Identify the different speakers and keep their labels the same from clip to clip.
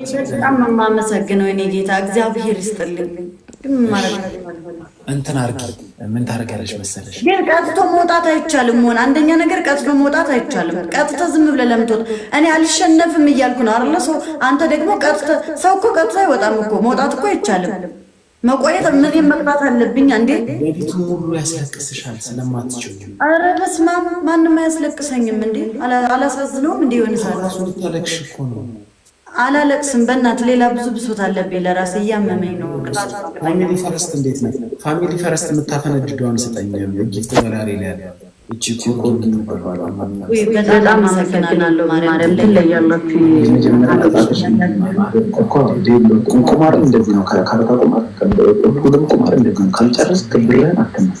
Speaker 1: በጣም የማመሰግነው እኔ ጌታ እግዚአብሔር ይስጥልኝ።
Speaker 2: እንትን አርጊ ምን ታደርጊያለሽ መሰለሽ፣
Speaker 1: ግን ቀጥቶ መውጣት አይቻልም። ሆነ አንደኛ ነገር ቀጥቶ መውጣት አይቻልም። ቀጥተ ዝም ብለህ ለምትወጣ እኔ አልሸነፍም እያልኩ ነው አይደለ? ሰው አንተ ደግሞ ቀጥተ ሰው እኮ ቀጥቶ አይወጣም እኮ መውጣት እኮ አይቻልም። መቆየት እኔም መቅጣት አለብኝ እንዴ?
Speaker 2: ሌሊቱ ሙሉ ያስለቅስሻል ስለማትችል።
Speaker 1: ኧረ በስመ አብ ማንም አያስለቅሰኝም እንዴ? አላሳዝነውም እንዴ? የሆነ ሰዓት እኮ ነው አላለቅስም። በእናት ሌላ ብዙ ብሶት አለብኝ። ለራሴ እያመመኝ ነው።
Speaker 2: ፋሚሊ ፈረስት እንዴት ነው? ፋሚሊ ፈረስት የምታፈነድደዋን ስጠኝ። ጊፍት በራሪ ነው ያለ እቺ ኮርኮር
Speaker 1: በጣም ቁማር እንደዚህ ነው። ካርታ ቁማር፣ ሁሉም ቁማር እንደዚህ ነው። ካልጨረስክ ብርህን አትነሳ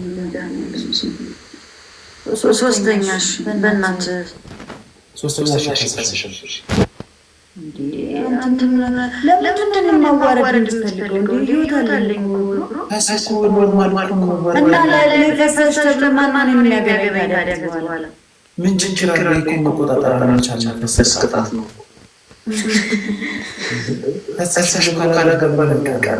Speaker 1: ሶስተኛሽ በእናት ሶስተኛሽ ለምንድን ምን ችግር አለ እኮ መቆጣጠር አለመቻል መፈሰስ ቅጣት ነው። ፈሰሽ ካላገባ ለቀቀር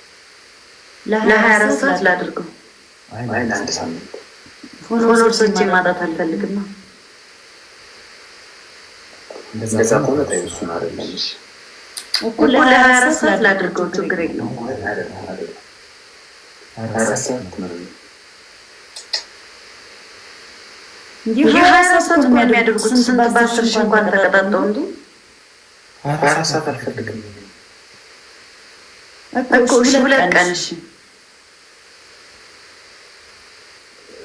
Speaker 1: ለ24 ሰዓት ላድርገው። ለአንድ ሳምንት ፎሎወርሶች ማጣት አልፈልግማ። እንደዛ ከሆነ አይደለም እኮ ሰዓት ላድርገው፣ ችግር የለውም። ሰዓት የሚያደርጉት ስንት በአስር ሺህ እንኳን ተቀጣጠው እንዴ! ሀያ ሰዓት አልፈልግም እኮ ሁለት ቀን እሺ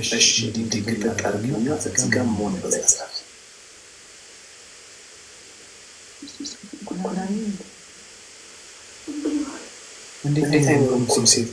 Speaker 1: እሺ ዲግ ታጠርግና እዚህ ጋር መሆን ያሳል እንዴት አይደለም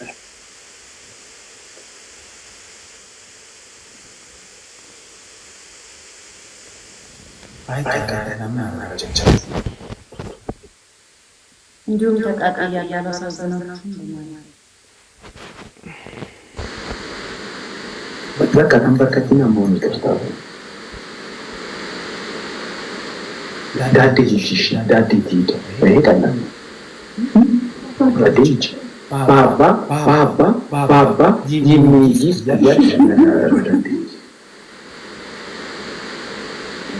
Speaker 1: እንዲሁም ተቃጠያ ያላሳዘናችሁ በቃ ተንበርከክና መሆን ይቀርታሉ። ዳዴ ይሽሽ ዳዴ ትሄድ ይሄ ቀላል ዳዴ ይች ባባ ባባ ባባ የሚይዝ ያሸነ ዳዴ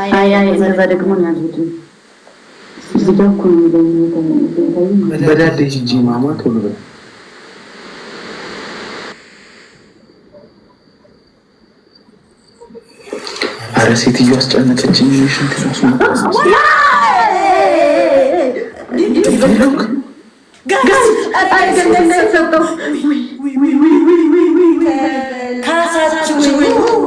Speaker 1: አረ ሴትዮዋ አስጨነቀችኝ። ሽንት ራሱ ነው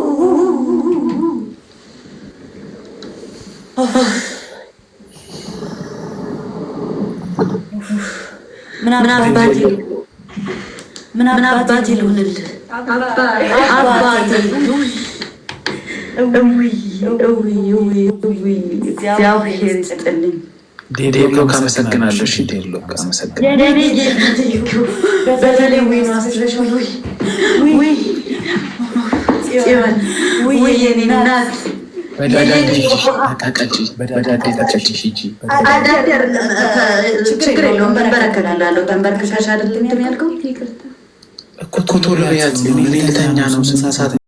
Speaker 1: ምን አባቴ ልሆንልህ ዴሎ ካመሰግናለሽ ዴሎ ካመሰግናለሽ አዳደር ችግር የለውም። በረከዳላለሁ ተንበርክሻሽ አይደለም ያልከው እኮ ቶሎ ያዝ፣ እኔ ልተኛ ነው ስንት ሰዓት